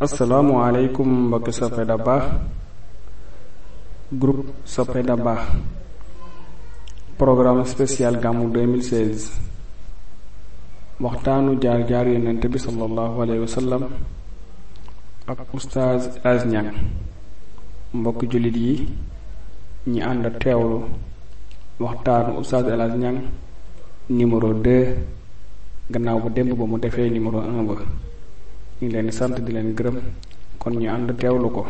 asalaamualeykum mbokki soppe da baax groupe soppe baax programme spécial gàmmu 2016 waxtaanu jaar-jaar yonent bi sallallahu alayhi wa sallam ak oustaz Asniang mbokki jullit yi ñi ànd teewlu waxtaanu oustaz El Asniang numéro 2 gannaaw ba démb ba mu defee numéro 1 ba ñu leen sant di leen gërëm kon ñu ànd teew teewlu ko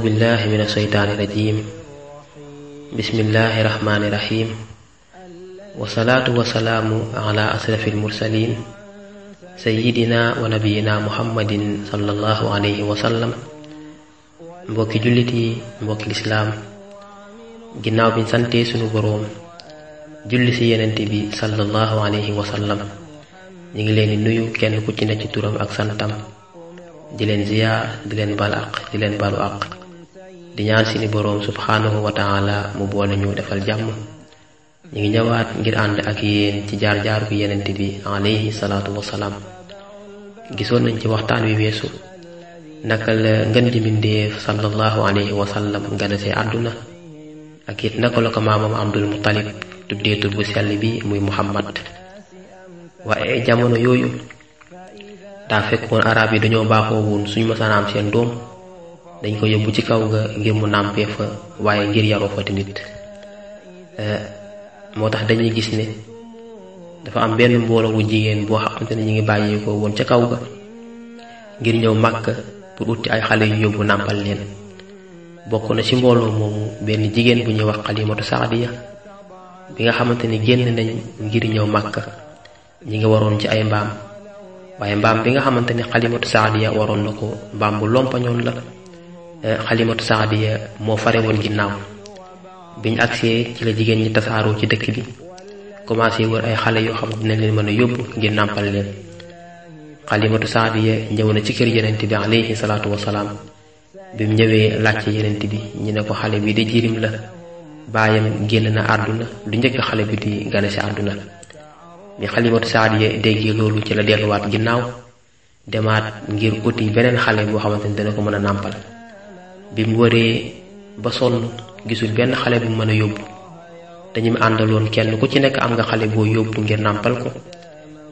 أعوذ بالله من الشيطان الرجيم بسم الله الرحمن الرحيم والصلاة والسلام على أشرف المرسلين سيدنا mbokki jullit yi mbokki lislaam ginnaaw biñ santee sunu boroom julli ci yenent bi sallallahu alayhi wa sallam ngi leen di nuyu kenn ku ci ci turam ak santam di leen ziyaar di leen baal àq di leen baalu àq di ñaan suñu boroom subhaanahu wa mu boole ñu defal jàmm ñu ngi ñëwaat ngir ànd ak yéen ci jaar jaar bu bi alayhi salaatu wasalaam gisoon nañ ci waxtaan wi weesu naka la ngën di mbindéef sallallahu alayhi wa sallam ganasee àdduna ak it naka la ko maamam abdul muttalib tuddee bu sell bi muy muhammad waaye jamono yooyu daa fekkoon arab yi dañoo baaxoo woon suñu mësaan am seen doom dañ ko yóbbu ci kaw ga ngir mu nàmpee fa waaye ngir yaru fa tamit eh, moo tax dañuy gis ne dafa am benn mbooloo bu jigéen boo xamante ni ñu ngi bàyyi ko woon ca kaw ga ñëw màkka pour utti ay xale yu yóbbu nàmpal leen bokk na ci mbooloo moomu benn jigéen bu ñuy wax xalimatu saadiya bi nga xamante ni génn nañ ngir ñëw màkk ñi ngi waroon ci ay mbaam waaye mbaam bi nga xamante ni xalimatu saadiya waroon na ko mbaam bu lompañoon la Euh, xalimatu saadiya moo fare woon ginnaaw biñ agsee ci la jigéen ñi tasaaroo ci dëkk bi commencé wër ay xale yoo xam dina leen mën a yóbbu ngir nàmpal leen xalimatu saadiya ñëw na ci kër yenent bi alayhi salaatu wasalaam bi mu ñëwee laajte yenent bi ñu ne ko xale bi di jirim la baayam génn na àdduna lu njëkk xale bi di gane si àdduna mi xalimatu saadiya déggee loolu ci la delluwaat ginnaaw demaat ngir uti beneen xale boo xamante ni dana ko mën a nàmpal bi mu waree ba sonn gisul benn xale bu mën a yóbbu dañu mu àndaloon kenn ku ci nekk am nga xale boo yóbbu ngir nàmpal ko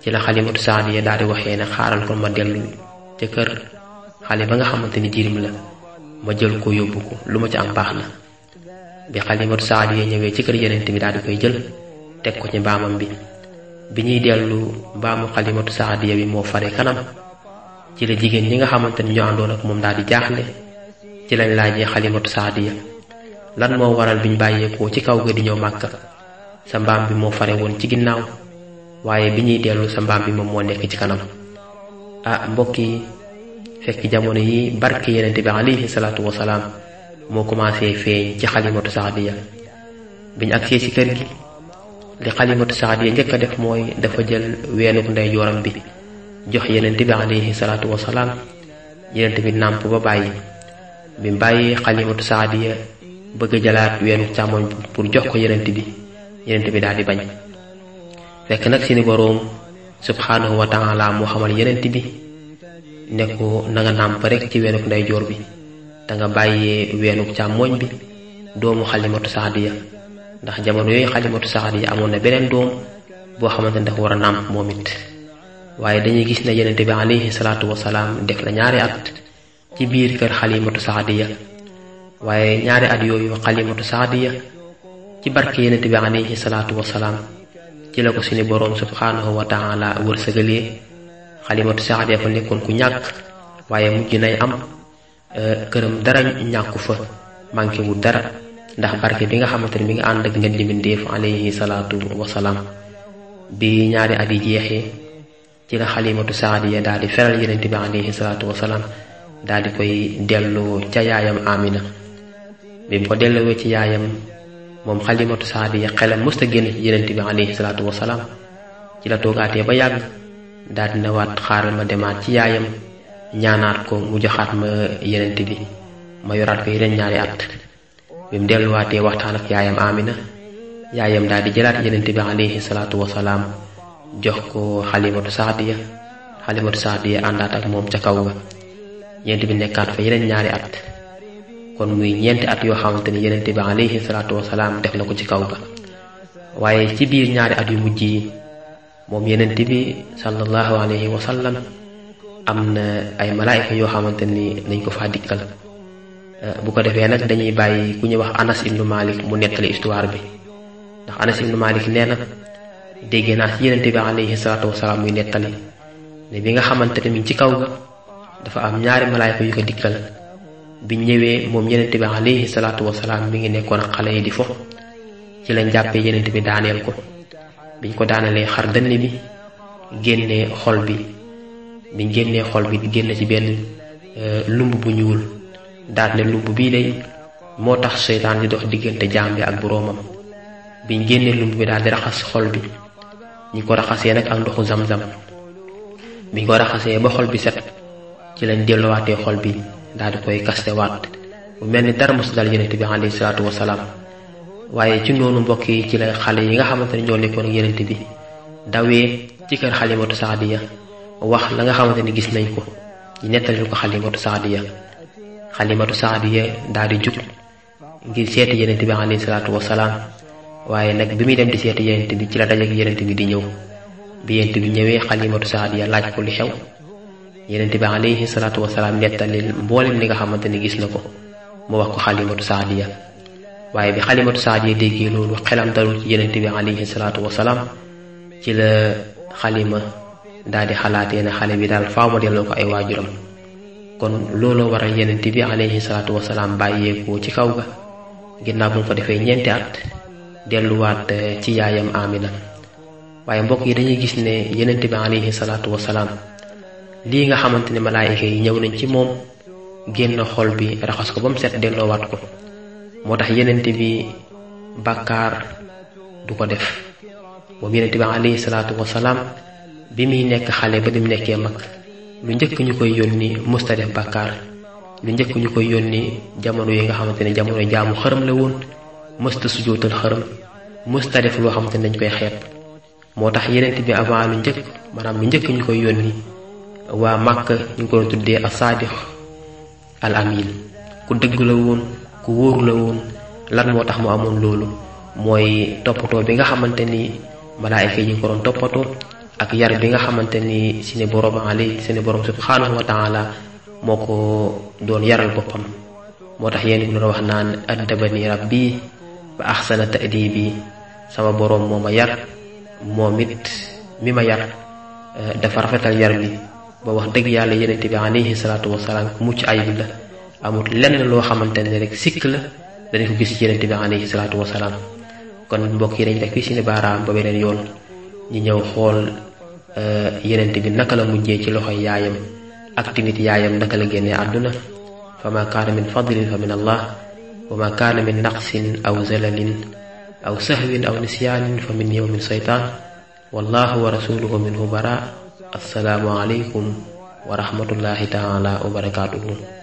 ci la xalimatu saadiya daal di waxee ne xaaral ko ma dellu ca kër xale ba nga xamante ni jirim la ma jël ko yóbbu ko lu ma ci am baax na bi xalimatu saadiya ñëwee ci kër yenent bi daal koy jël teg ko ci mbaamam bi bi ñuy dellu mbaamu xalimatu saadiya bi moo fare kanam ci la jigéen ñi nga xamante ni ñoo àndoon ak moom daal di jaaxle ci lañ laajee xalimatu saadiya lan moo waral bi ñu bàyyeekoo ci kaw ga di ñëw màkk sa mbaam bi moo fare woon ci ginnaaw waaye bi ñuy dellu sa mbaam bi moom moo nekk ci kanam ah mbokk yi fekk jamono yi barke yenente bi alayhi salaatu wasalaam moo commencé feeñ ci xalimatu saadiya biñ agsee ci kër gi li xalimatu saadiya njëkk a def mooy dafa jël weenuk ndey bi jox yenente bi alayhi salaatu wasalaam yenente bi nàmp ba bàyyi bi mu bàyyi xalimatu saadiya bëgg a jëlaat weenu càmmoñ pour jox ko yenent bi yenent bi daal di bañ fekk nag seeni boroom subhaanahu wa taala moo xamal yenent bi ne ko na nga nàmp rek ci weenuk ndeyjoor bi danga nga bàyyee weenuk càmmoñ bi doomu xalimatu saadiya ndax jamono yooyu xalimatu saadiya amoon na beneen doom boo xamante ne dafa war a nàmp moom it waaye dañuy gis na yenent bi alayhi salaatu wasalaam def na ñaari at ci biir kër xalimatu saadiya waaye ñaari at yooyu xalimatu saadiya ci barke yenent bi alayhi salaatu wasalaam ci la ko suñu boroom subhaanahu wa taala wërsëgalee xalimatu saadiya fa nekkoon ku ñàkk waaye mujj nay am e, këram dara ñàkku fa manqué wu dara ndax barke bi nga xamante ne mi nga ànd ak ngeen di mbindéef salaatu wasalaam bi ñaari at yi jeexee ci la xalimatu saadiya daal di feral yenent bi alayhi salaatu wasalaam daal di koy delloo ca yaayam amina bi mu ko delloo ci yaayam moom xalimatu saabiya xelam mësta génn ci yenent bi alayhi salaatu ci la toogaatee ba yàgg daal di xaaral ma demaat ci yaayam ñaanaat ko mu joxaat ma yenent bi ma yoraat ko yeneen ñaari at bi mu delluwaatee waxtaan ak yaayam amina yaayam daal di jëlaat yenent bi alayhi salaatu jox ko xalimatu saadiya xalimatu saadiya àndaat ak moom ca kaw ga yonent bi nekkaat fa yeneen ñaari at kon muy ñeenti at yoo xamante ni yonent bi alayhi salaatu wasalaam def na ko ci kaw ba waaye ci biir ñaari at yu mujj yi moom yonent bi sallallahu alayhi wa sallam am na ay malaayika yoo xamante ni dañ ko faa dikkal eh, bu ko defee nag dañuy bàyyi ku ñuy wax Anas ibnu Malik mu nettali histoire bi ndax Anas ibnu Malik nee na déggee naa ci yonent bi alayhi salaatu wasalaam muy nettali ne bi nga xamante ni ci kaw dafa am ñaari malaayka yu ko dikkal bi ñu ñëwee moom yenent bi alayhi salaatu wasalaam mi ngi nekkoon xale yi di fo ci lañ jàppee yenent bi daaneel ko biñ ko daanelee xar dënn bi génnee xol bi biñ génnee xol bi génn ci benn euh, lumb bu ñuul daal ne lumb bii day moo tax seytaan di dox diggante jaam bi ak boroomam biñ génnee lumb bi daal di raxas xol bi ñi ko raxasee nag ak ndoxu sam zam biñ ko raxasee ba xol bi set ci lañ delluwaatee xol bi daal koy kastewaat bu mel ni dara mosu dal yonent bi alayhi salaatu wasalaam waaye ci noonu mbokk yi ci la xale yi nga xamante ne ñoo nekkoon ak yonent bi dawee ci kër xalimatu saadiya wax la nga xamante ne gis nañ ko ñu nettali ko xalimatu saadiya xalimatu saadiya daal di jug ngir seeti yonent bi alayhi salaatu wasalaam waaye nag bi muy dem di seeti yonent bi ci la dajeek yonent bi di ñëw bi yonent bi ñëwee xalimatu saadiya laaj ko li xew yenent bi alayhi salaatu salaam nettalil mboolem li nga xamante ni gis na ko mu wax ko xalimatu saadiya waaye bi xalimatu saadiya déggee loolu xelam dalul ci yenent bi alayhi salaatu wasalaam ci la daal di xalaatee ne xale bi daal faaw ma delloo ko ay waajuram kon looloo waral yenent bi alayhi salaatu wasalaam bàyyeekoo ci kaw ga ginnaaw bu mu fa defee ñeenti at delluwaat eh, ci yaayam amina waaye mbokk yi dañuy gis ne yenent bi alayhi salaatu wasalaam lii nga xamante ne malaayika yi ñëw nañ ci moom génn xol bi raxas ko ba mu set delloowaat ko moo tax yenente bi bàkkaar du ko def moom yenente bi alayhi salaatu wasalaam bi muy nekk xale ba di mu nekkee mag lu njëkk ñu koy yónni musta def bàkkaar lu njëkk ñu koy yónni jamono yi nga xamante ne jamono jaamu xërëm la woon mësta sujootal xërëm mësta def loo xamante ne dañ koy xeeb moo tax yenent bi avant lu njëkk maanaam lu njëkk ñu koy yónni waa Màkka ñu ngi ko tuddee as-Saadiq al ku dëgg la woon ku wóoru la woon lan moo tax mu amoon loolu mooy toppatoo bi nga xamante ni malaayika yi ñu ko doon toppatoo ak yar bi nga xamante ni si ne borom ali si ne borom subhanahu wa moo ko doon yaral boppam moo tax yéen ñu doon wax naan addabani rabbi ba axsana bii sama borom moo ma yar moom it mi ma yar dafa rafetal yar bi ba wax dëgg yàlla yenente bi alayhi salaatu wasalaam mucc ayib la amut lenn loo xamante ne rek sikk la dañ ko gis ci bi alayhi salaatu wasalaam kon mbokk yi dañ rek fii si ni baaraam ba beneen yoon ñi ñëw xool euh, yenente bi naka la mujjee ci loxo yaayam ak timit yaayam naka la génnee àdduna fa ma kaana min fadlin fa min allah wa ma kaana min naqsin aw zalalin aw sahwin aw nisyaanin fa minni wa min seytaan wallahu wa rasuluhu minhu bara assalaamu aleykum wa rahmatullahi taala wa barakaatuhu